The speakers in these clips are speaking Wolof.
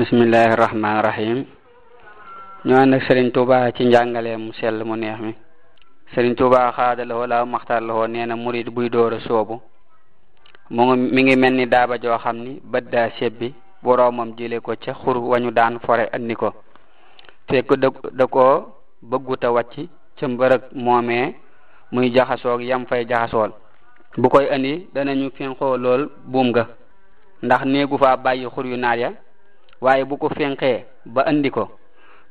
bismillahi rahmaani rahim ñoo ànd ak Serigne ci njàngaleem mu sell mu neex mi Serigne Touba xaada la wala la nee na murit buy door a soobu mu ngi mel ni daaba joo xam ni bët daa sebbi boroomam jële ko ci xur wañu daan fore andi ko fekk da da koo bëgguta wàcc ca mbërëg moomee muy jaxasoog yam fay jaxasool bu koy andi danañu finqoo lool buum ga ndax néegu fa bàyyi xur yu naat ya waaye bu ko fenqee ba indi ko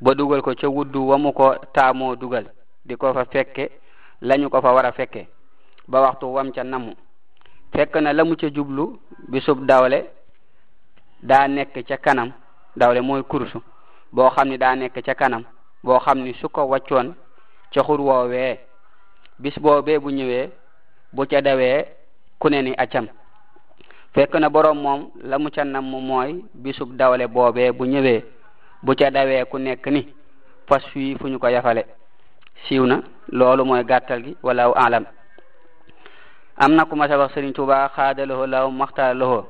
ba dugal ko ca wuddu wa ko taamoo dugal di ko fa fekke lañu ko fa war a fekke ba waxtu wam ca namu fekk na la mu ca jublu bisub dawle daa nekk ca kanam dawle mooy kursu boo xam ni daa nekk ca kanam boo xam ni su ko waccoon ca xur woowee bis boobee bu ñëwee bu ca dawee ku ne ni acam fekk na boroom moom la mu ca nam mu mooy bisub dawle boobee bu ñëwee bu ca dawee ku nekk ni fas fu ñu ko yafale siiw na loolu mooy gàttal gi walla aw alam am na ku ma sa wax Sëriñ Tuubaa xaadaloho law maxtaar loxo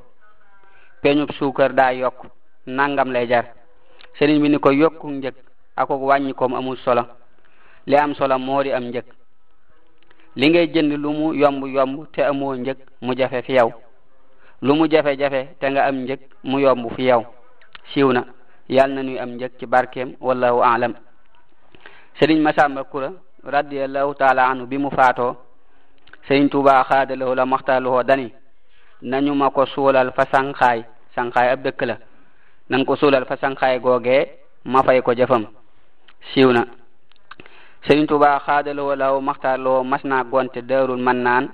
peñub daa yokk nangam lay jar sëriñ bi ni ko yokku njëg ako wàññi koom amul solo li am solo moo di am njëg li ngay jënd lu mu yomb yomb te amoo njëg mu jafe fi yow lu mu jafe-jafe te nga am njëg mu yomb fi yow siiw na yàlla na nuy am njëg ci barkeem wallahu alam sëriñ Masamba Kura radiallahu taala anhu bi mu faatoo sëriñ Tuubaa xaadalawoo la maxtaaluwoo dani ma ko suulal fa sanxaay sanxaay la nan ko suulal fa sanxaay googee ko jëfam siiw na sëriñ Tuubaa xaadalawoo law mas naa gonte daarul mannaan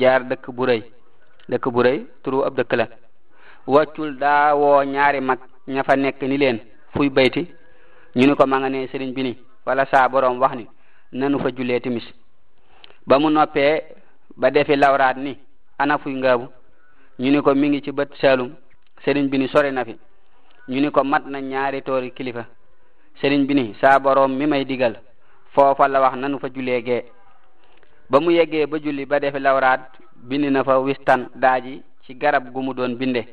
jaar dëkk bu rëy dëkk bu rëy turu ab dëkk la wàccul daa woo ñaari mag ña fa nekk ni leen fuy bayti ñu ni ko ma sëriñ bi ni wala saa boroom wax ni nanu fa jullee timis ba mu noppee ba defi lawraat ni ana fuy ngaabu ñu ni ko mi ngi ci bët saalum sëriñ bi ni sori na fi ñu ni ko mat na ñaari toori kilifa sëriñ bi ni saa mi may digal foofa la wax nanu fa julee gee ba mu yeggee ba julli ba defi lawraat bind na fa wistan daaji ci garab gu mu doon binde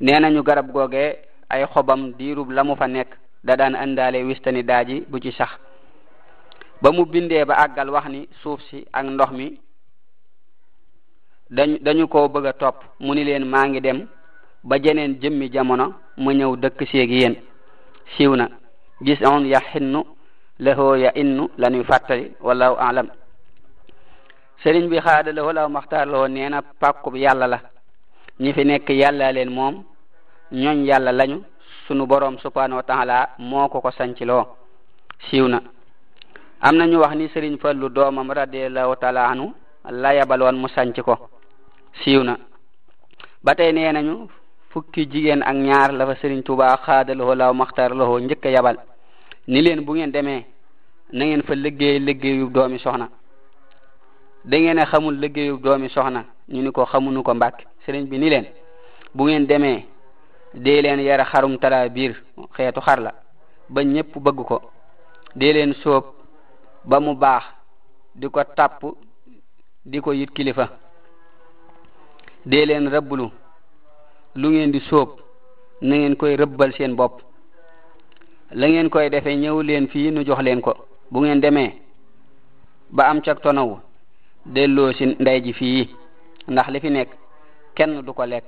nee nañu garab googe ay xobam diirub la mu fa nekk da daan àndaale wistani daaji bu ci sax ba mu bindee ba àggal wax ni suuf si ak ndox mi dañ dañu ko bëgg a topp mu ni leen maa ngi dem ba jeneen jëmmi jamono ma ñëw dëkk seeg yéen siiw na gis on ya xinnu lahoo ya innu la ñuy fàttali wallahu alam sëriñ bi xaada la wala maxtaar la nee na pàkkub yàlla la ñi fi nekk yàlla leen moom ñooñ yàlla lañu sunu boroom subhanahu wa moo ko ko sanciloo siiw na am na ñu wax ni sëriñ lu doomam radiallahu taala anhu la yabaloon mu sanc ko siiw na ba tey nee fukki jigéen ak ñaar la fa sëriñ tubaa xaadalowoo law maxtar lowoo njëkk a yabal ni leen bu ngeen demee na ngeen fa liggéey liggéeyu doomi soxna da ngeen a xamul liggéeyu doomi soxna ñu ni ko xamunu ko mbàkk sëriñ bi ni leen bu ngeen demee dee leen yara xarum tara biir xeetu xar la ba ñépp bëgg ko dee leen soob ba mu baax di ko tàpp di ko yit kilifa dee leen rëbblu lu ngeen di soob na ngeen koy rëbbal seen bopp la ngeen koy defee ñëw leen fii nu jox leen ko bu ngeen demee ba am cag delloo si ndey ji fii ndax li fi nekk kenn du ko lekk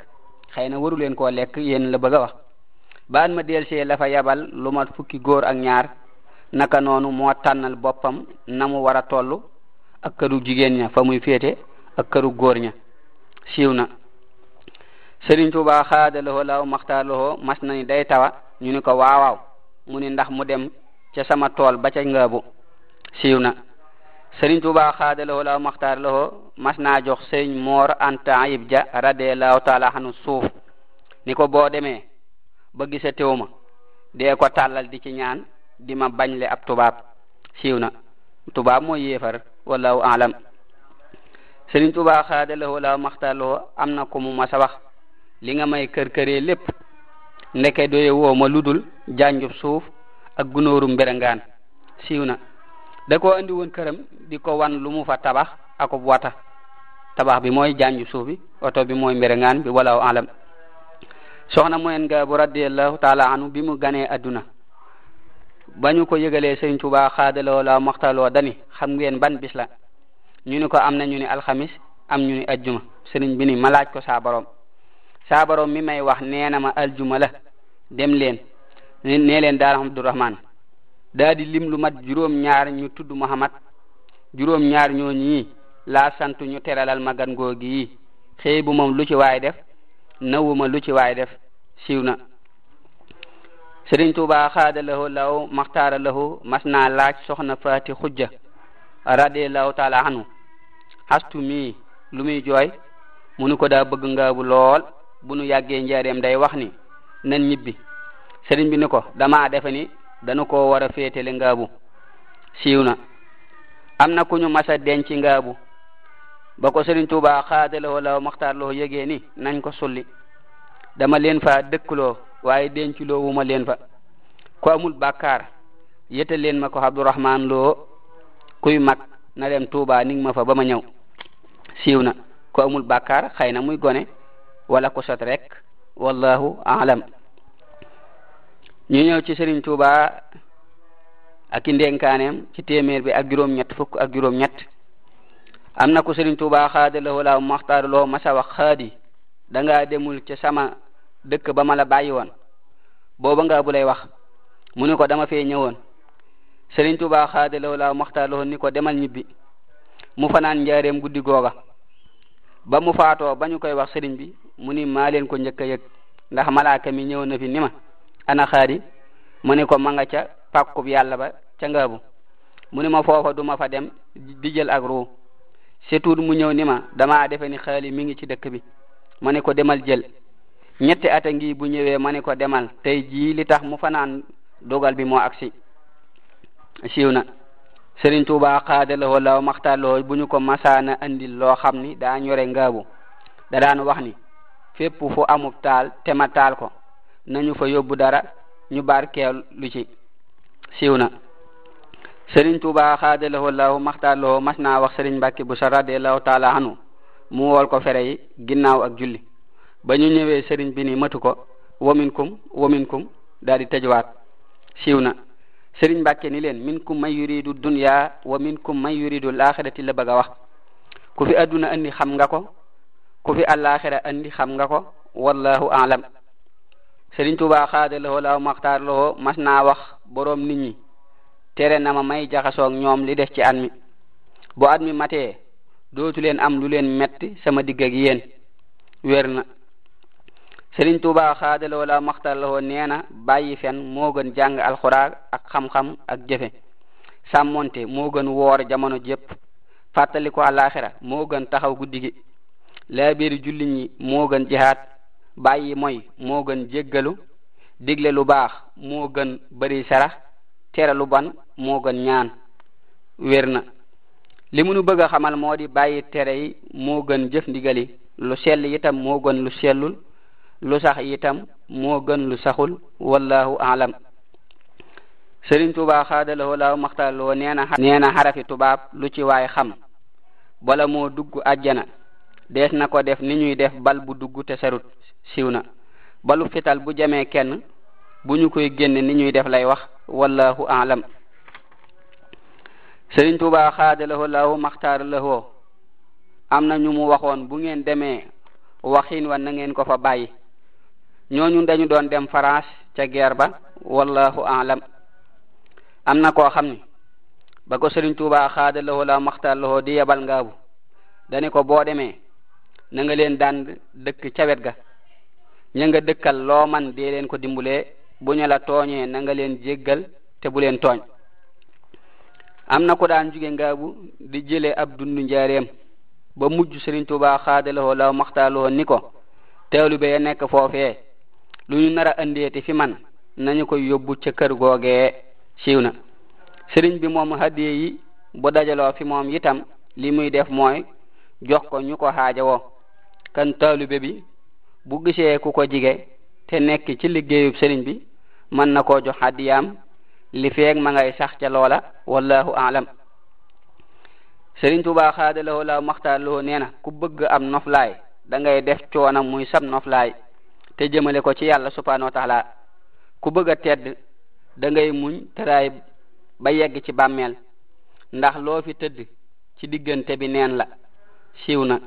xëy na waru leen koo lekk yéen la bëgg a wax baan ma delsee la fa yabal lu mat fukki góor ak ñaar naka noonu moo tànnal boppam na mu war a toll ak këru jigéen ña fa muy féete ak këru góor ña siiw na Sëriñ Tuubaa xaadalowoo law maxtaarlowoo mas na ni day tawa ñu ni ko waawaaw mu ni ndax mu dem ca sama tool ba ca ngaabu siiw na sëriñ Tuubaa xaadalawoo laaw maxtaar lawoo mas naa jox sëriñ moor anta ayib ja radiallahu taala xanu suuf ni ko boo demee ba gise teew ma dee ko tàllal di ci ñaan di ma bañle ab tubaab siiw na tubaab mooy yéefar wallahu alam sëriñ Tuubaa xaadalawoo laaw maxtaar lawoo am na ko mu mas a wax li nga may kër këree lépp ndeke doye woo ma ludul janjub suuf ak gunóoru mberangaan siiw na da koo andi woon këram di ko wan lu mu fa tabax akub wata tabax bi mooy janju suuf oto bi mooy mberengaan bi wala alam soxna moyen nga bu radiallahu taala anu bi mu ganee adduna ba ñu ko yëgalee sëriñ Tuubaa xaadaloo la maxtaloo dani xam ngeen ban bis la ñu ni ko am na ñu ni alxamis am ñu ni ajjuma sëriñ bi ni ma laaj ko saa borom saa mi may wax nee na ma aljuma la dem leen ne leen daara Abdurahmaan daa di lim lu mat juróom-ñaar ñu tudd Muhammad juróom-ñaar ñooñi laa santu ñu teralal ma gan googi bu moom lu ci waay def nawuma lu ci waay def siiw na Sëriñ Tuubaa xaada lahu law maxtaara lahu mas naa laaj soxna faati xujja radiallahu taala anhu xastu mii lu muy jooy mu nu ko daa bëgg ngaabu lool bu nu yàggee njaareem day wax ni nan ñibbi sëriñ bi ni ko dama defe ni dana ko war a féetale ngaabu siiw na am na ku ñu masa denc ngaabu ba ko Sëriñ Tuubaa xaadalawoo law maxtaar loo yëgee ni nañ ko sulli dama leen fa dëkkuloo waaye denculoo wu ma leen fa ku amul bàkkaar yëtal leen ma ko Abdourahman loo kuy mag na dem Tuubaa ning ma fa ba ma ñëw siiw na ku amul bàkkaar xëy na muy gone wala ko sot rek wallahu alam ñu ñëw ci Serigne Touba ak i ndénkaaneem ci téeméer bi ak juróom-ñett fukk ak juróom-ñett am na ko Serigne Touba xaada loo laaw maxtaar wax xaadi da ngaa demul ca sama dëkk ba ma la bàyyi woon booba nga bu wax mu ne ko dama fee ñëwoon Serigne Touba xaada loo laaw maxtaar loo ni ko demal ñibbi mu fanaan njaareem guddi googa ba mu faatoo ba ñu koy wax Serigne bi mu ni maa leen ko njëkk a yëg ndax malaaka mi ñëw na fi ni ana xaadi mu ne ko ma nga ca pàkkub yàlla ba ca ngaabu mu ne ma foofa duma fa dem di jël ak ruu setuut mu ñëw ni ma damaa defe ni xaali mi ngi ci dëkk bi ma ne ko demal jël ñetti at a ngi bu ñëwee ma ne ko demal tey jii li tax mu fanaan dogal bi moo agsi siiw na Sëriñ Tuubaa xaadalawoo law maxtaaloo bu ñu ko masaana andil loo xam ni daa ñore ngaabu da daan wax ni fépp fu amub taal te taal ko nañu fa yóbbu dara ñu barkeel lu ci siiw na sëriñ tuuba xaadalahu allahu maxtaarloo mas naa wax sëriñ mbàkki bu sa radiallahu taala anu mu wool ko fere yi ginnaaw ak julli ba ñu ñëwee sëriñ bi ni matu ko waminkum waminkum daal di tëjwaat siiw na sëriñ mbàkke ni leen minkum man yuridu dunya wa minkum man yuridu laaxirati la bëgg a wax ku fi adduna andi xam nga ko ku fi alaxira andi xam nga ko wallahu alam Sëriñ Tuubaa xaada loxo laaw maxtaar loxo mas naa wax boroom nit ñi tere nama may jaxasoog ñoom li des ci at mi bu at mi matee dootu leen am lu leen metti sama digg ak yéen wér na Sëriñ Tuubaa xaada la laaw maxtaar loxo nee na bàyyi fen moo gën jàng alxuraan ak xam-xam ak jëfe sàmmonte moo gën woor jamono jépp fàttali ko àllaaxira moo gën taxaw guddi gi laabiiri jullit ñi moo gën jihaat bàyyi mooy moo gën jéggalu digle lu baax moo gën bari sarax tere lu ban moo gën ñaan wér na li mu nu bëgg a xamal moo di bàyyi tere yi moo gën jëf ndigal lu sell itam moo gën lu sellul lu sax itam moo gën lu saxul wallahu alam sëriñ Tuubaa xaadalawoo laaw maxtaloo nee na nee xarafi tubaab lu ci waay xam bala moo dugg àjjana des na ko def ni ñuy def bal bu dugg te serut siiw na balu fital bu jamee kenn bu ñu koy génne ni ñuy def lay wax wallahu alam sëriñ Tuubaa xaadalawoo laahu maxtaar lawoo am na ñu mu waxoon bu ngeen demee waxiin wa na ngeen ko fa bàyyi ñooñu dañu doon dem France ca guerre ba wallahu alam am na koo xam ni ba ko sëriñ Tuubaa xaadalawoo laahu maxtaar lawoo di yebal ngaabu dani ko boo demee na leen daan dëkk ca ga ña nga dëkkal loo man dee leen ko dimbulee bu ñu la tooñee nanga leen jéggal te bu leen tooñ am na ko daan nga ngaabu di jële ab dundu njaareem ba mujj Sëriñ Tuubaa xaadalawoo law maxtaaloo ni ko teelu be nekk foofee lu ñu nar a andeeti fi man nañu ko yóbbu ca kër googee siiw na sëriñ bi moom hadiye yi bu dajaloo fi moom itam li muy def mooy jox ko ñu ko xaajawoo kan taalube bi bu gisee ku ko jige te nekk ci liggéeyub sëriñ bi mën na koo jox hadiyaam li feeg ma ngay sax ca loola wallahu alam sëriñ Tuubaa xaadalawoo la maxtaarlowoo nee na ku bëgg am noflaay da ngay def coona muy sab noflaay te jëmale ko ci yàlla subhanahu wa ku bëgg a tedd da ngay muñ teraay ba yegg ci bàmmeel ndax loo fi tëdd ci diggante bi neen la siiw na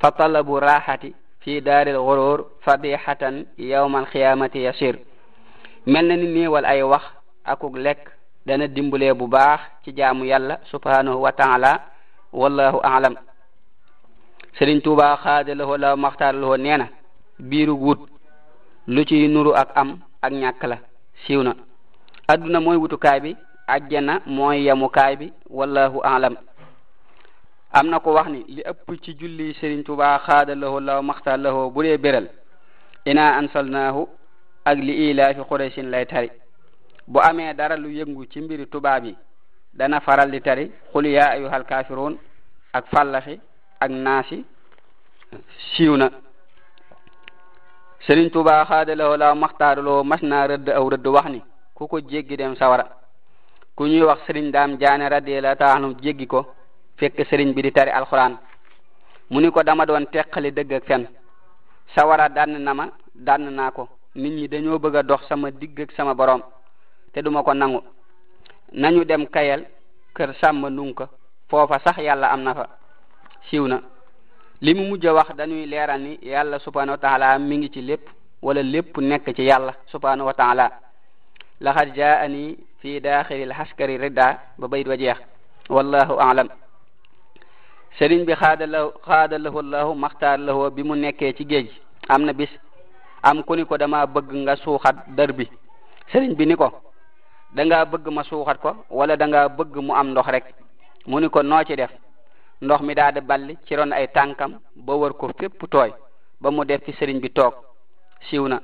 fa talabu raxati fi daaril xurur fadixatan yawmal xiyaamati yasir mel na ni néewal ay wax akuk lekk dana dimbulee bu baax ci jaamu yàlla subhanahu wa taala wallahu alam Sëriñ Tuubaa xaadalahoo la maxtaaralahoo nee na biirug wut lu ciy nuru ak am ak ñàkk la siiw na adduna mooy wutukaay bi ajjana mooy yamukaay bi wallahu alam am na ko wax ni li ëpp ci julli Sëriñ Tuubaa xaada lahu law maxta lahu bu dee béral ina ansalnaahu ak li ilaafi Qurayshin lay tari bu amee dara lu yëngu ci mbiri tubaab yi dana faral di tari xul yaa ayyuhal kaafiruun ak fallaxi ak naasi siiw na Sëriñ Tuubaa xaada lahu law maxtaar loo mas naa rëdd aw rëdd wax ni ku ko jéggi dem sawara ku ñuy wax Sëriñ Daam Jaane radiyallaahu taala jéggi ko fekk sëriñ bi di tari alxuraan mu ni ko dama doon teqali dëgg ak fen sawara dànn na ma dànn naa ko nit ñi dañoo bëgg dox sama digg sama borom te duma ko nangu nañu dem kayel kër sàmm nunka foofa sax yàlla am na fa siiw na li mu mujj a wax dañuy leeral ni yàlla subhanahu wa taala mi ngi ci lépp wala lépp nekk ci yàlla subhanahu wa taala laxad jaani fi daaxilil xaskari ridda ba bayit wa jeex wallahu alam sëriñ bi xaada la xaada lahu allahu bi mu nekkee ci géej am na bis am ku ni ko dama bëgg nga suuxat dër bi sëriñ bi ni ko danga bëgg ma suuxat ko wala danga bëgg mu am ndox rek mu ni ko noo ci def ndox mi daal di balli ci ron ay tànkam ba war ko fépp tooy ba mu def fi sëriñ bi toog siiw na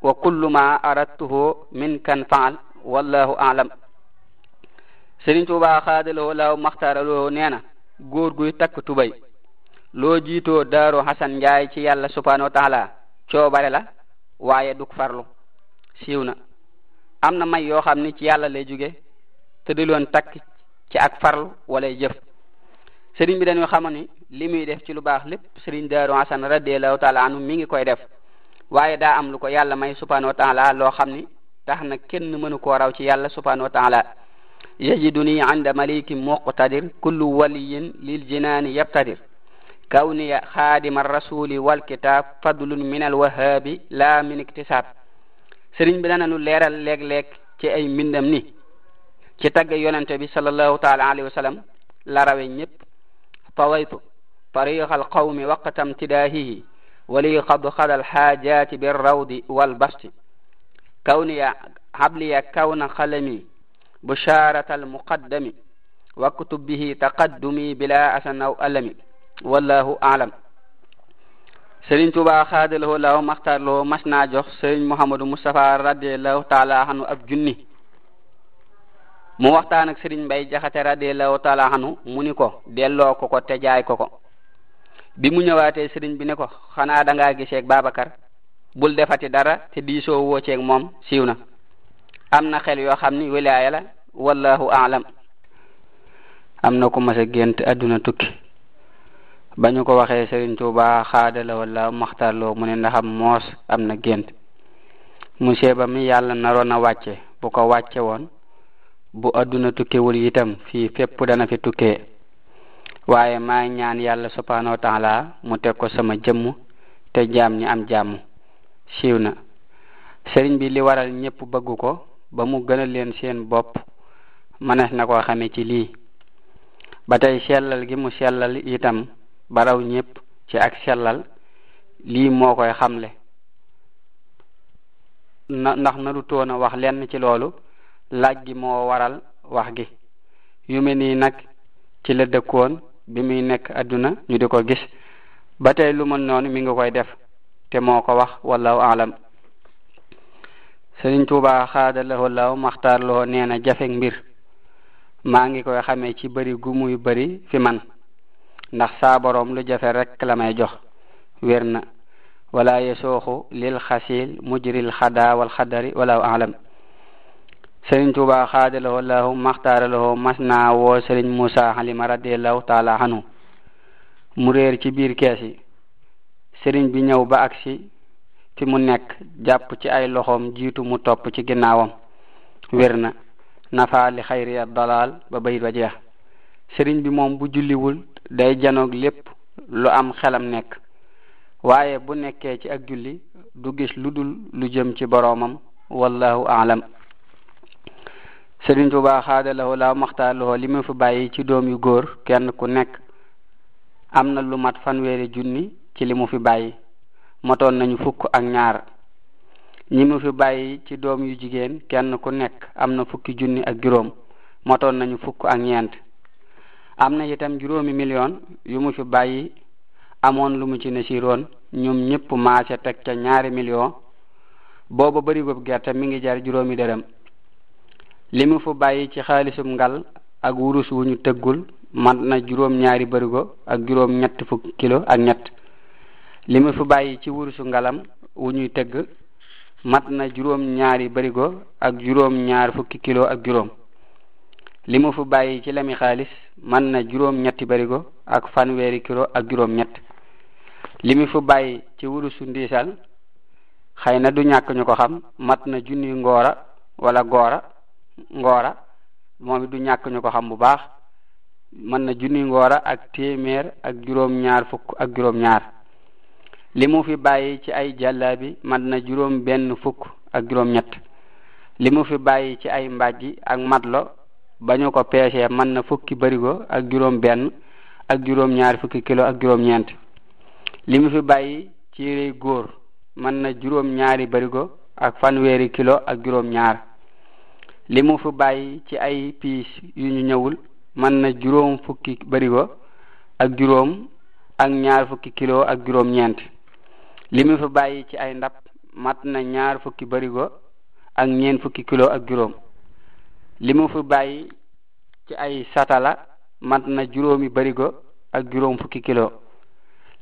wa kullu ma aradtuhu min kan faal wallahu alam sëriñ Tuubaa xaada lahu allahu maxtaar nee na góor guy takk tubay loo jiitoo daaru xasan njaay ci yàlla subhanahu wa taala coobare la waaye dug farlu siiw na am na may yoo xam ni ci yàlla lay jóge te du loon takk ci ak farlu wala jëf sëriñ bi dañuy xamoon ni li muy def ci lu baax lépp sëriñ daaru xasan radiallahu taala anhu mi ngi koy def waaye daa am lu ko yàlla may subhanahu wa loo xam ni tax na kenn mënu koo raw ci yàlla subhanahu wa يجدني عند مليك مقتدر كل ولي للجنان يبتدر كوني خادم الرسول والكتاب فضل من الوهاب لا من اكتساب سرين بدانا نو ليرال ليك ليك اي من mbindam ni ci tagge yonente صلى الله تعالى عليه وسلم sallam la rawe طريق القوم وقت امتداهه ولي قد خلى الحاجات بالروض والبسط كوني حبلي كون خلمي بشارة المقدم واكتب به تقدمي بلا أسن أو ألم والله أعلم Sëriñ Tuubaa xaadalawoo law maxtarloo mas naa jox sëriñ Mouhamadou Moustapha radiallahu taala xanu ab junni mu waxtaan ak sëriñ Mbay Jaxate radiallahu taala xanu mu ni ko delloo ko ko te jaay ko ko bi mu ñëwate sëriñ bi ne ko xanaa danga giseeg Babacar bul defati dara te diisoo woo moom siiw na am na xel yoo xam ni wilaaya la wallahu aalam am na ku mas a gént adduna tukki ba ñu ko waxee Sëriñ Tuuba xaada la wala Maxtaar mu ne ndaxam moos am na gént monsieur ba mi yàlla naroon a wàcce bu ko wàcce woon bu adduna tukkewul itam fii fépp dana fi tukkee waaye maa ñaan yàlla subhanahu wa taala mu teg ko sama jëmm te jaam ñi am jàmm siiw na sëriñ bi waral ñépp bëgg ko ba mu gënal leen seen bopp mënees na koo xame ci lii ba tey sellal gi mu sellal itam baraw ñépp ci ak sellal lii moo koy xamle na ndax naru toon a wax lenn ci loolu laaj gi moo waral wax gi yu mel nii nag ci la dëkkoon bi muy nekk adduna ñu di ko gis ba tey lu mën noonu mi ngi koy def te moo ko wax walla alam sëriñ Tuubaa xaadalawoo law maxtaar loo jafe mbir maa ngi koy xamee ci bëri gu muy bëri fi man ndax saa boroom lu jafe rek la jox wér na wala yesooxu lil xasil mujril xadaa wal xadari walaahu alam sëriñ Tuubaa xaadalawoo law maxtaar mas naa woo sëriñ Muusa Halima radiallahu taala anhu mu ci biir kees yi bi ñëw ba agsi fi mu nekk jàpp ci ay loxoom jiitu mu topp ci ginnaawam wér na nafa li xayri dalal ba bayit ba sëriñ bi moom bu julliwul day janoog lépp lu am xelam nekk waaye bu nekkee ci ak julli du gis lu dul lu jëm ci boroomam wallahu aalam sëriñ bu xaadalawoo laaw maxtaalowoo li mu fi bàyyi ci doom yu góor kenn ku nekk am na lu mat fanweeri junni ci li mu fi bàyyi motoon nañu fukk ak ñaar ñi mu fi bàyyi ci doom yu jigéen kenn ku nekk am na fukki junni ak juróom motoon nañu fukk ak ñeent am na itam juróomi million yu mu fi bàyyi amoon lu mu ci nasiroon ñoom ñëpp maase teg ca ñaari million booba barigob gerte mi ngi jar juróomi dërëm li mu fi bàyyi ci xaalisum ngal ak wurus wu ñu tëggul mat na juróom ñaari barigo ak juróom ñett fukki kilo ak ñett li mu bàyyi ci wurusu ngalam wu ñuy tëgg mat na juróom ñaari ak juróom ñaar bàyyi ci lami xaalis man na juróom ñetti ak fanweeri kilo ak juróom ñett li ci wurusu ndiisal xëy na du ñàkk ñu ko xam mat na junni ngoora wala goora ngoora moom it du ñàkk ñu ko xam bu baax mën na junni ngoora ak téeméer ak juróom ñaar fukk ak juróom ñaar li mu fi bàyyi ci ay jàllaabi mat na juróom benn fukk ak juróom ñett li mu fi bàyyi ci ay mbàjji ak matlo ba ñu ko peesee mën na fukki barigo ak juróom benn ak juróom ñaar fukki kilo ak juróom ñeent fi bàyyi ci góor mën na juróom ñaari ak fanweeri kilo ak juróom ñaar li mu fi bàyyi ci ay piis yu ñu ñëwul mën na juróom fukki barigo ak juróom ak ñaar fukki kilo ak juróom ñeent li mu fa bàyyi ci ay ndab mat na ñaar fukki barigo ak ñeent fukki kilo ak juróom li mu fa bàyyi ci ay satala mat na juróomi barigo ak juróom kilo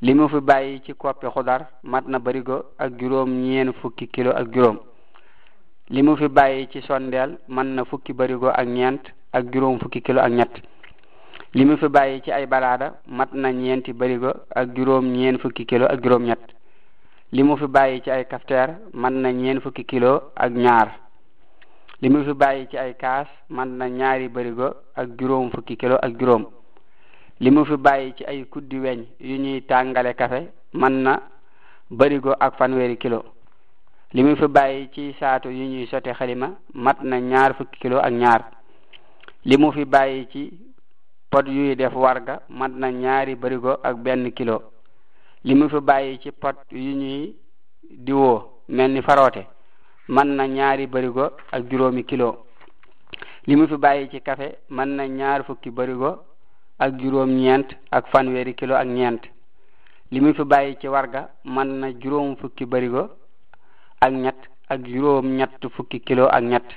li mu fi bàyyi ci koppi xudar mat na barigo ak juróom ñeen fukki kilo ak juróom li fi bàyyi ci sondeel man na fukki barigo ak ñeent ak juróom fukki kilo ak ñett li fi bàyyi ci ay baraada mat na ñeenti barigo ak juróom ñeen fukki kilo ak juróom ñett li mu fi bàyyi ci ay kafteer man na ñeen fukki kilo ak ñaar li mu fi bàyyi ci ay kaas man na ñaari barigo ak juróom fukki kilo ak juróom limu fi bàyyi ci ay kuddi weñ yu ñuy tàngale kafe man na barigo ak fanweeri kilo limu mu fi bàyyi ci saatu yu ñuy sote xalima mat na ñaar fukki kilo ak ñaar li mu fi bàyyi ci pot yu def warga mat na ñaari barigo ak benn kilo li mu fi bàyyi ci pot yu ñuy diwoo mel ni faroote man na ñaari barigo ak juróomi kilo li mu fi bàyyi ci kafe man na ñaar fukki barigo ak juróom ñeent ak fanweeri kilo ak ñeent limu fi bàyyi ci warga man na juróom fukki barigo ak ñett ak juróom ñett fukki kilo ak ñett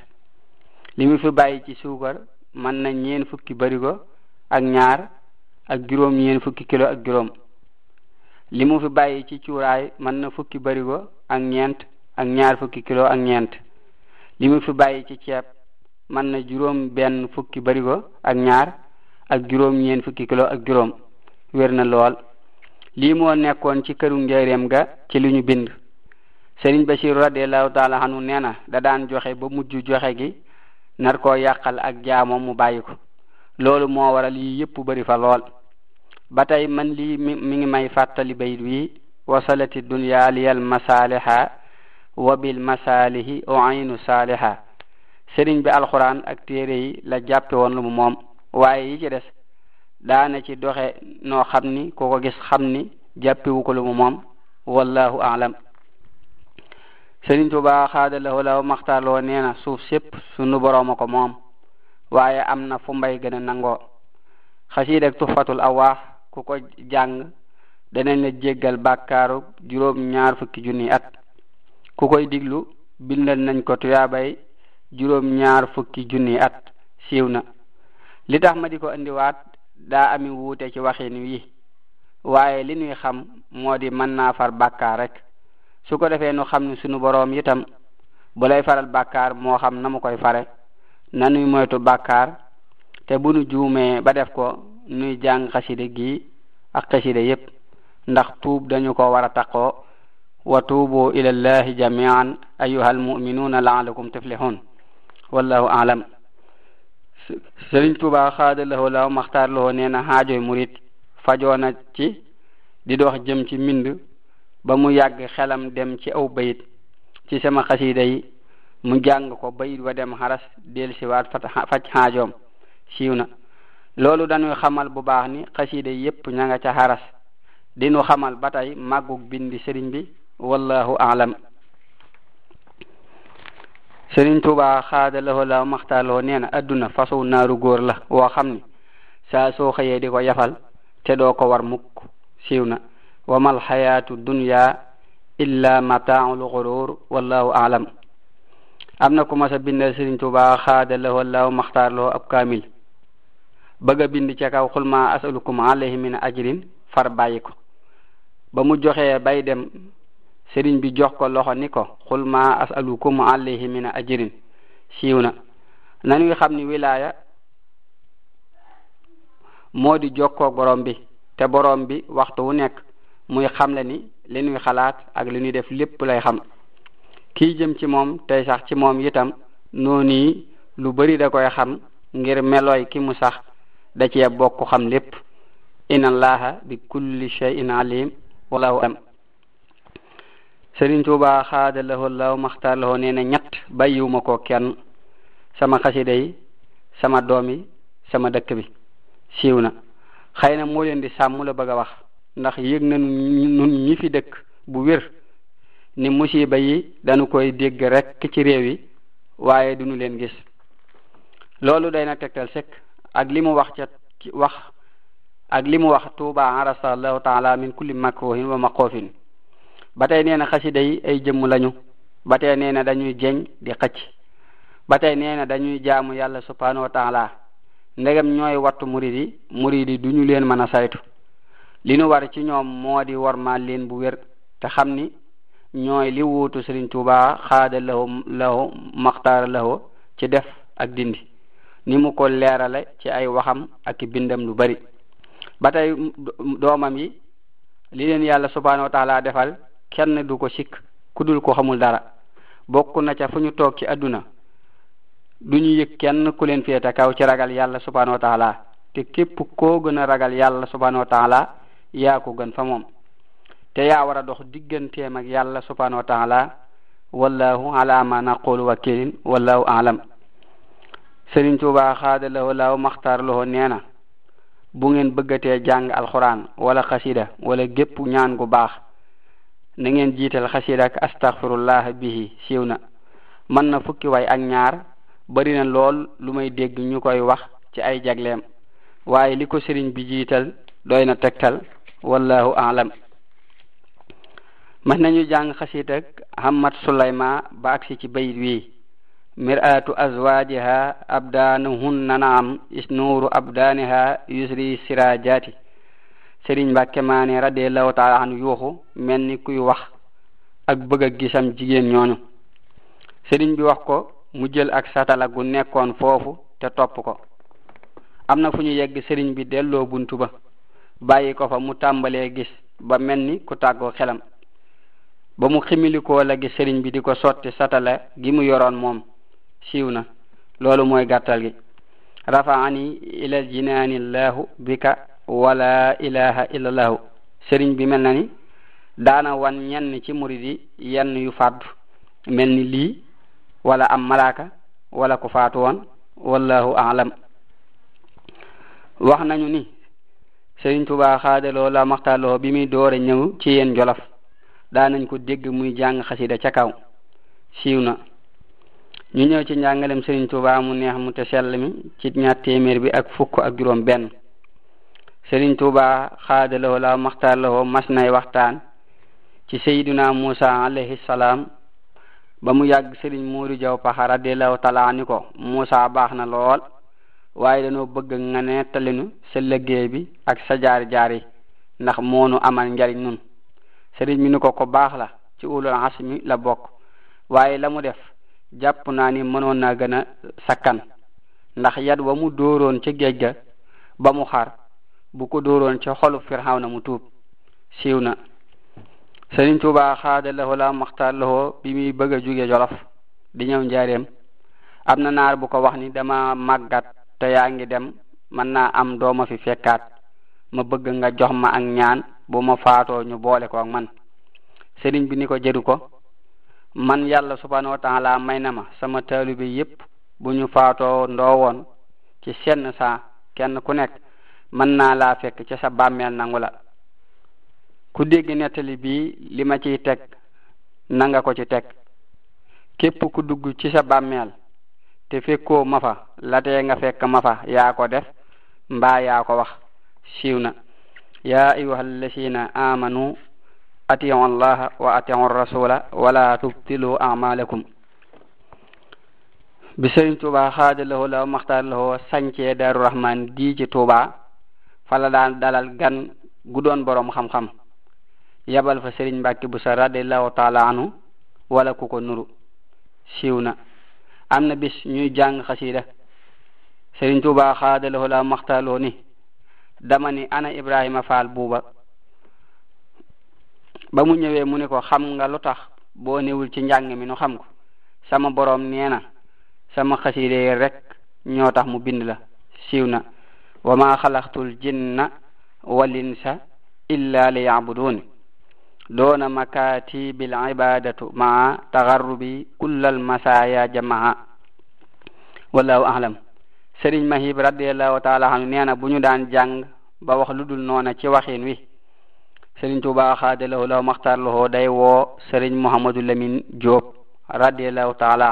limu fi bàyyi ci suukar man na ñeen fukki barigo ak ñaar ak juróom ñeen fukki kilo ak juróom li mu fi bàyyi ci cuuraay mën na fukki barigo ak ñeent ak ñaar fukki kilo ak ñeent li mu fi bàyyi ci ceeb mën na juróom benn fukki barigo ak ñaar ak juróom ñeent fukki kilo ak juróom wér na lool lii moo nekkoon ci këru njëreem ga ci li ñu bind Sëriñ Basiru radiallahu taala anhu nee na da daan joxe ba mujj joxe gi nar koo yàqal ak jaamoom mu bàyyi ko loolu moo waral yii yëpp bari fa lool batay man li mi ngi may fàttali bayit wi wasalati dunya liyal masaliha wa bil masalihi uaynu saliha sëriñ bi alquran ak téré yi la jàppe won lu mom waye yi ci des daana ci doxe no xamni ni ko gis xamni jappé wu ko lu mom wallahu alam sëriñ tuba xaada lahu law maxtaarloo nee na suuf sépp sunu borom ko mom waye amna fu mbay gëna nango nangoo xasiid ak tufatul awaax ku ko jàng danañ la jéggal bàkkaaru juróom ñaar fukki junni at ku koy diglu bindal nañ ko tuyaabay juróom ñaar fukki junni at siiw na li tax ma di ko indiwaat daa ami wuute ci waxin wi waaye li nuy xam moo di mën naa far bàkkaar rek su ko defee nu xam ne sunu boroom itam bu lay faral bàkkaar moo xam na mu koy fare nanuy moytu bàkkaar te bu nu juumee ba def ko nuy jàng xasida gi ak xasida yépp ndax tuub dañu ko war a taqoo wa tuubu ila llahi jamian ayuha almuminuuna laalakum tuflihun wallahu alam sëriñ tuuba xaada lahoo law maxtaar lahoo nee na xaajoy fajoona ci di dox jëm ci mbind ba mu yàgg xelam dem ci aw bayit ci sama xasida mu jàng ko bayit wa dem xaras del siwaat faj xaajoom siiw na loolu dañuy xamal bu baax ni xasiida yépp ña nga ca xaras di nu xamal ba bindi sëriñ bi wallahu alam sëriñ Tuubaa xaadalawoo la maxtaaloo nee na adduna façon naaru góor la woo xam ni saa soo xëyee di ko yafal te doo ko war mukk siiw na wamal xayaatu dunya illa mataaul gurur wallahu alam am na ku mas a bindal sëriñ Tuubaa xaadalawoo la maxtaaloo ab kaamil bëgg bind ca kaw xul ma asalukum alayhi min ajrin far bàyyi ko ba mu joxee bay dem sëriñ bi jox ko loxo ni ko xul ma asalukum alayhi min ajrin siiw na na nañuy xam ni wilaaya moo di jox jokkoo borom bi te borom bi waxtu wu nekk muy xam xamle ni li ñuy xalaat ak lu ñuy def lépp lay xam ki jëm ci moom tey sax ci moom itam noonu lu bari da koy xam ngir melooy ki mu sax da cee bokk xam lépp inna allaha bi kulli shay'in alim wallahu alam Sëriñ Tuubaa xaada lahu allahu maxtaar lahu nee na ñett bàyyiwuma ko kenn sama xasida yi sama doom yi sama dëkk bi siiw na xëy na moo leen di sàmm la bëgg a wax ndax yëg na nun ñi fi dëkk bu wér ni musiba yi dañu koy dégg rekk ci réew yi waaye duñu leen gis loolu day na tegtal sekk ak li mu wax ca wax ak li mu wax tuuba arasa allahu taala min kulli makruhin wa maqoofin ba tey nee na xasida yi ay jëmm lañu bate tey nee na dañuy jeñ di xëcc ba tey nee na dañuy jaamu yàlla subhanahu wa taala ndegam ñooy wattu murid yi murid yi duñu leen mën a saytu li nu war ci ñoom moo di wormaal leen bu wér te xam ni ñooy li wuutu Sëriñ Tuuba xaada lahu lahu maxtaara lahu ci def ak dindi ni mu ko leerale ci ay waxam ak bindam lu bari ba tey doomam yi li leen yàlla subhanahu wa defal kenn du ko sikk ku dul ko xamul dara bokk na ca fu ñu toog ci àdduna du ñu yëg kenn ku leen féete kaw ci ragal yàlla subhanahu wa te képp koo gën a ragal yàlla subhanahu wa taala yaa ko gën fa moom te yaa war dox digganteem ak yàlla subhanahu wa taala wallahu ala ma wakilin wallahu alam Sëriñ Tuubaa xaada lawo laaw maxtaar lowoo nee na bu ngeen bëggatee jàng alxuraan wala xasida wala gépp ñaan gu baax na ngeen jiital xasida ak astaghfirullah bihi siiw na mën na fukki way ak ñaar bari na lool lu may dégg ñu koy wax ci ay jagleem waaye li ko sëriñ bi jiital doy na tegtal wallahu alam mën nañu jàng xasida ak Hamad Sulayma ba agsi ci bayit wi mir'atu azwajiha abdanuhunna naam isnuuru abdaniha yusri sirajaati sëriñ Mbàkke Maane radiallahu taala anhu yuuxu mel ni kuy wax ak bëgg gisam jigéen ñooñu sëriñ bi wax ko mu jël ak satala gu nekkoon foofu te topp ko am na fu ñu yegg sëriñ bi delloo bunt ba bàyyi ko fa mu tàmbalee gis ba mel ni ku tàggoo xelam ba mu ximilikoo la gis sëriñ bi di ko sotti satala gi mu yoroon moom siiw na loolu mooy gàttal gi rafaani ilal jinaani bika wala ilaha illa laahu sëriñ bi mel na ni daana wan ñenn ci murid yi yenn yu fàddu mel ni lii wala am malaaka wala ku faatu woon wallahu alam wax nañu ni sëriñ Tuubaa xaadaloo la maxtaaloo bi muy doore ñëw ci yéen jolof daanañ ko dégg muy jàng xasida ca kaw siiw na ñu ñëw ci njàngalem Sëriñ Tuubaa mu neex mu te sell mi ci ñaar téeméer bi ak fukk ak juróom benn Sëriñ Tuubaa xaadalawoo la maxtaar lawoo mas nay waxtaan ci Seydina Muusa alayhi salaam ba mu yàgg Sëriñ Muudu Jaw Paxa radiallahu taala ni ko Muusa baax na lool waaye dañoo bëgg nga nettalinu sa liggéey bi ak sa jaar jaar ndax moonu amal njariñ nun sëriñ mi ni ko ko baax la ci ulul asmi la bokk waaye la mu def jàpp naa ni mënoon naa gën a sakkan ndax yat wa mu dóoroon ca géej ga ba mu xar bu ko dóoroon ca xolu xaw na mu tuub siiw na Sëriñ Tuubaa xaadalaho la maxtaar lahoo bi muy bëgg a jóge jolof di ñëw njaareem am na naar bu ko wax ni dama màggat te yaa ngi dem mën naa am dooma fi fekkaat ma bëgg nga jox ma ak ñaan bu ma faatoo ñu boole ko ak man sëriñ bi ni ko jëru ko man yàlla subhanahu wa taala may na ma sama taalibe yépp bu ñu faatoo ndoowoon ci senn saa kenn ku nekk mën naa laa fekk ci sa bàmmeel nangu la ku dégg nettali bii li ma ci teg nanga ko ci teg képp ku dugg ci sa bàmmeel te fekkoo ma fa la tee nga fekk ma fa yaa ko def mbaa yaa ko wax siiw na yaa ayyuhal lazina amanu أتيعوا الله وأتيعوا الرسول ولا تبطلوا أعمالكم bi sëriñ tuuba xaada la la maxtaar la sancee daru rahman di ci tuuba fa la daan dalal gan gu doon borom xam-xam yabal fa sëriñ mbàkki bu sa radiallahu taala anu wala ku ko nuru siiw na am na bis ñuy jàng xasida sëriñ tuuba xaada la la maxtaar ni dama ni ana ibrahima faal buuba ba mu ñëwee mu ne ko xam nga lu tax boo newul ci njàng mi nu xam ko sama boroom nee na sama xasiide rek ñoo tax mu bind la siiw na wa ma xalaqtul jinna wal insa illa li yabudun doona makatibil ibadatu maa tagarrubi kullal masaya jamaa wallahu ahlam sëriñ mahib radiallahu taala anu nee na bu ñu daan jàng ba wax lu dul noona ci waxin wi Serigne Touba xaadalahu law maxtaar lahu day woo Serigne Mouhamadou Lamine Diop radiallahu taala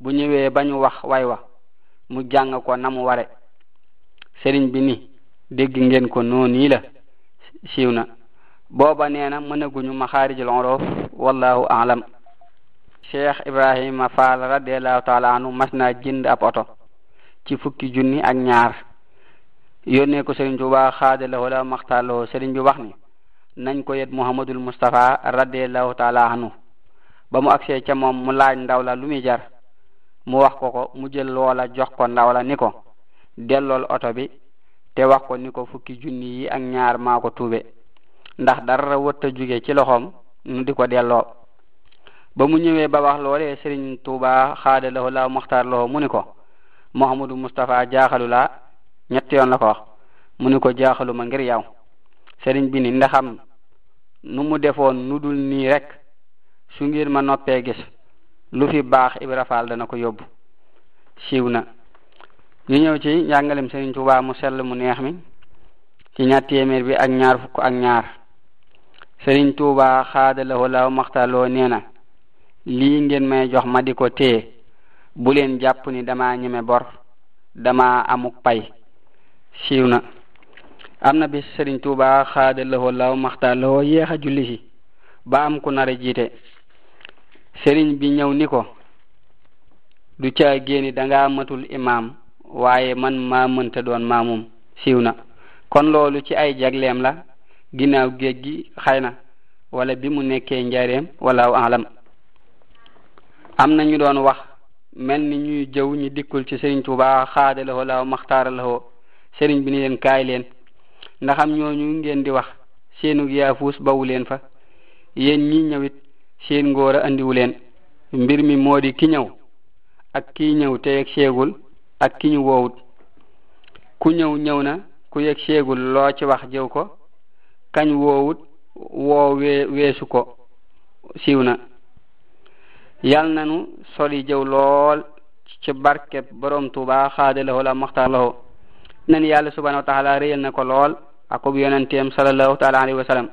bu ñëwee ba ñu wax way wa mu jàng ko na mu ware Serigne bi ni dégg ngeen ko noonu la siiw na booba nee na mënaguñu maxaarijul uruf wallahu alam cheikh ibrahima faal radiallahu taala mas naa jënd ab oto ci fukki junni ak ñaar yónnee ko Serigne Touba xaadalahu law maxtaar lahu Serigne bi wax ni nañ ko yet muhammadul mustafa radiallahu taala anhu ba mu agsee ca moom mu laaj ndaw la lu muy jar mu wax ko ko mu jël loola jox ko ndaw la ni ko dellool oto bi te wax ko ni ko fukki junni yi ak ñaar maa ko tuube ndax dara wëtta jóge ci loxoom nu di ko delloo ba mu ñëwee ba wax loolee sëriñ tuuba xaadalaho laaw maxtaar loxo mu ni ko muhammadu mustafa jaaxalu la ñett yoon la ko wax mu ni ko jaaxalu ma ngir yow sëriñ bi ni ndaxam nu mu defoon nu dul nii rekk su ngeen ma noppee gis lu fi baax Ibra Faal dana ko yóbbu siiw na ñu ñëw ci njàngalem sëriñ Tuubaa mu sell mu neex mi ci ñaar téeméer bi ak ñaar fukk ak ñaar sëriñ Tuubaa xaadalawoo law maxtaloo nee na lii ngeen may jox ma di ko téye bu leen jàpp ni dama ñeme bor dama amuk pay siiw na am na bi Serigne Touba xaada lawoo law maxtaa lawoo yéex a julli si ba am ku nara jiite Serigne bi ñëw ni ko du caa génni danga matul imaam waaye man ma mënta doon maamum siiw na kon loolu ci ay jagleem la ginnaaw géej gi xëy na wala bi mu nekkee njareem wala alam am na ñu doon wax mel ni ñuy jëw ñu dikkul ci Serigne Touba xaada lawoo law maxtaara lawoo Serigne bi ni leen kaay leen ndaxam ñooñu ngeen di wax seenug yaafuus bawu leen fa yéen ñi ñëwit seen ngóor a leen mbir mi moo di ki ñëw ak ki ñëw te yegg seegul ak ki ñu woowut ku ñëw ñëw na ku yegg seegul loo ci wax jëw ko kañ woowut woo weesu ko siiw na yal nanu soli jëw lool ci barkeb borom Tuuba xaada laxoo la maxtaar nan yàlla subhanahu wa taala réyal na ko lool akub yonenteem salallahu taala alayhi wa sallam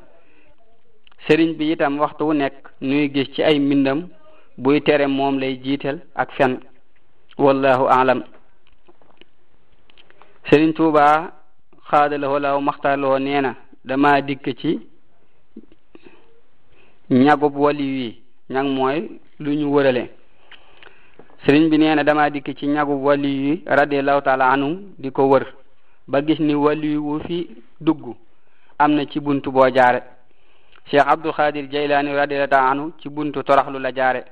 sëriñ bi itam waxtu nekk nuy gis ci ay mbindam buy tere moom lay jiital ak fen wallahu alam sëriñ tuuba xaadalawoo laaw maxtaarlawoo nee na dama dikk ci ñagub wali wi ñag mooy lu ñu wërale sëriñ bi nee na dama dikk ci ñagub wali wi radiallahu taala anhum di ko wër ba gis ni wali wu dugg am na ci bunt boo jaare cheikh abdul xaadir jaylaani radiallahu taala ci buntu lu la jaare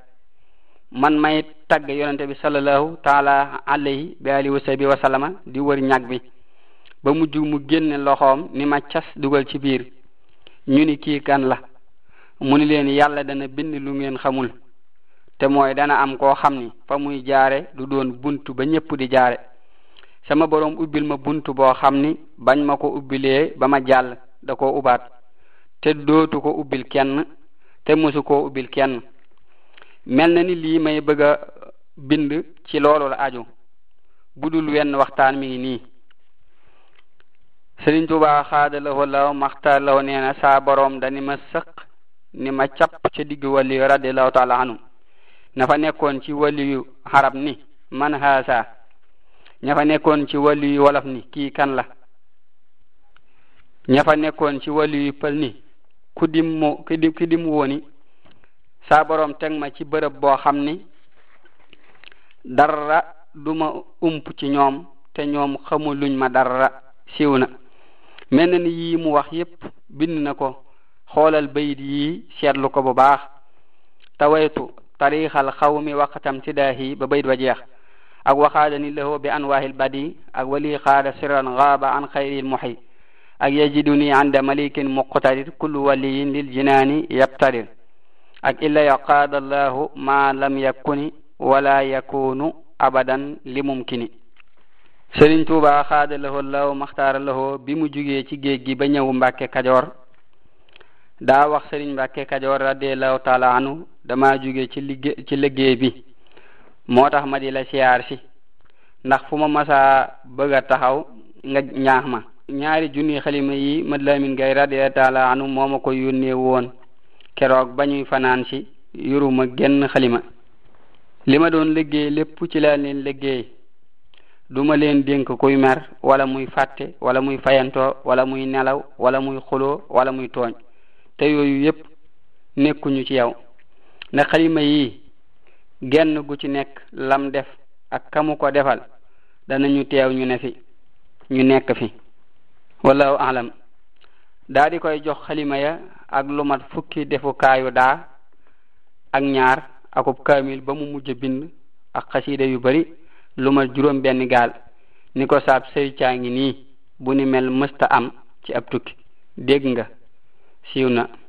man may tagg yonente bi salallahu taala alayhi bi alihi wa sahbi wa sallama di wër ñag bi ba mujj mu génne loxoom ni ma cas dugal ci biir ñu ni kii kan la mu ni leen yàlla dana bind lu ngeen xamul te mooy dana am koo xam ni fa muy jaare du doon buntu ba ñëpp di jaare sama borom ubbil ma bunt boo xam ni bañ ma ko ubbilee ba ma jàll da koo ubaat te dootu ko ubbil kenn te mosu koo ubbil kenn mel na ni lii may bëgg a bind ci loolu la aju bu dul wenn waxtaan mi ngi nii sëriñ tuba xaada lahu law maxtaar lahu nee na saa boroom dani ma sëq ni ma càpp ca digg wali radiallahu taala anu na fa nekkoon ci wali yu xarab ni man haasaa ña fa nekkoon ci wàllu yu wolof ni kii kan la ña fa nekkoon ci wàllu yu pël ni ku dim mu ki dim wooni saa boroom teg ma ci bërëb boo xam ni dara duma ump ci ñoom te ñoom xamul luñ ma dara siiw na mel na ni yii mu wax yépp bind na ko xoolal bayit yii seetlu ko bu baax tawaytu tariixal xaw mi waqatam tidaahi ba bayit wa jeex ak waxaalani lahu bi anwaahil badi ak wali xaada sirran gaaba an xayril muxi ak yajiduni anda malikin muqtadir kullu waliyin lil jinaani yabtadir ak illa yaqaada allahu ma lam yakuni wala yakunu abadan li mumkini sëriñ tuuba xaada lahu law maxtaara lahu bi mu jugee ci géeg gi ba ñëw mbàkke kajoor daa wax sëriñ mbàkke kajoor radiallahu taala anu dama jugee ci ligge ci liggéey bi moo tax ma di la siyaar si ndax fu ma masaa bëgg a taxaw nga ñaax ma ñaari junni xalima yi Mad Lamin Gay radiyallahu taala anu moo ma ko yónnee woon keroog ba ñuy fanaan si yoruma genn xalima li ma doon liggéey lépp ci laa leen liggéey duma leen dénk kuy mer walla muy fàtte wala muy fayantoo wala muy nelaw walla muy xuloo wala muy tooñ te yooyu yépp nekkuñu ci yow ndax xalima yi genn gu ci nekk lam def ak kamu ko defal danañu teew ñu ne fi ñu nekk fi walla alam daldi koy jox xalima ya ak lu mat fukki defukaayu daa ak ñaar akub kaamil ba mu mujj bind ak xasiida yu bari lu mat juróom benn gaal ni ko saab sëy caa ngi nii bu ni mel mësta am ci ab tukki dégg nga siiw na